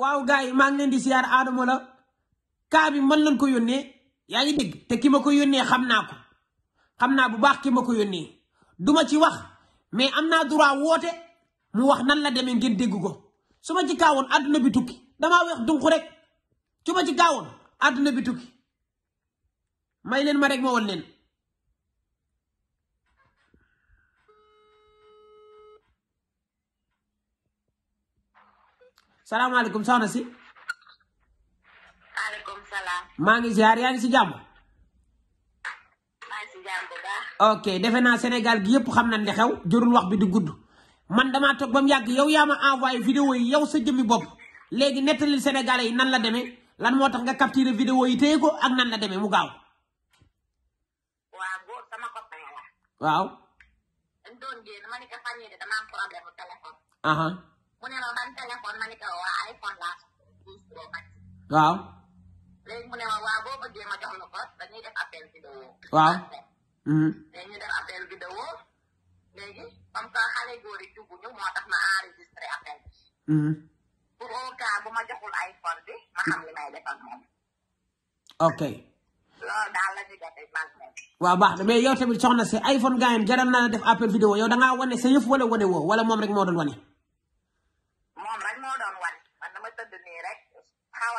waaw gars yi maa ngi leen di siyaar Adamo la kaa bi man lañ ko yónnee yaa ngi dégg te ki ma ko yónnee xam naa ko xam naa bu baax ki ma ko yónnee duma ci wax mais am naa droit woote mu wax nan la demee ngeen déggu ko su ma ci kaawoon àdduna bi tukki damaa weex dunq rek su ma ci kaawoon àdduna bi tukki may leen ma rek ma won leen salaamaaleykum soxna si. maaleykum salaam. maa ngi ziar yaa ngi si jàmm. ok defe naa Sénégal gi yëpp xam nañ li xew jërul wax bi di gudd man damaa toog ba mu yàgg yow yaa ma envoyé vidéo yi yow sa jëmmi bopp léegi nettalil Sénégalais yi nan la demee lan moo tax nga capturé vidéo yi téye ko ak nan la demee mu gaaw. waaw góor mu ne ma ban téléphone ma ne ko waa iPhone laa douze waaw. léegi ne ma waa boo ma jox la ko dañuy def appel vidéo. waaw. ma joxul iPhone bi ma xam li may def moom. ok. waaw baax na mais yow tamit soxna si iPhone gaayam jaral def appel vidéo yow da wane sa yëf wala wane woo wala moom rek moo doon wane.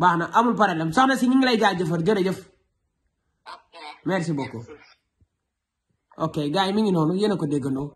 baax na amul problème soxna si ñu ngi lay jaajëfal jërëjëf merci beaucoup ok gars yi mi ngi noonu yéen a ko déggandoo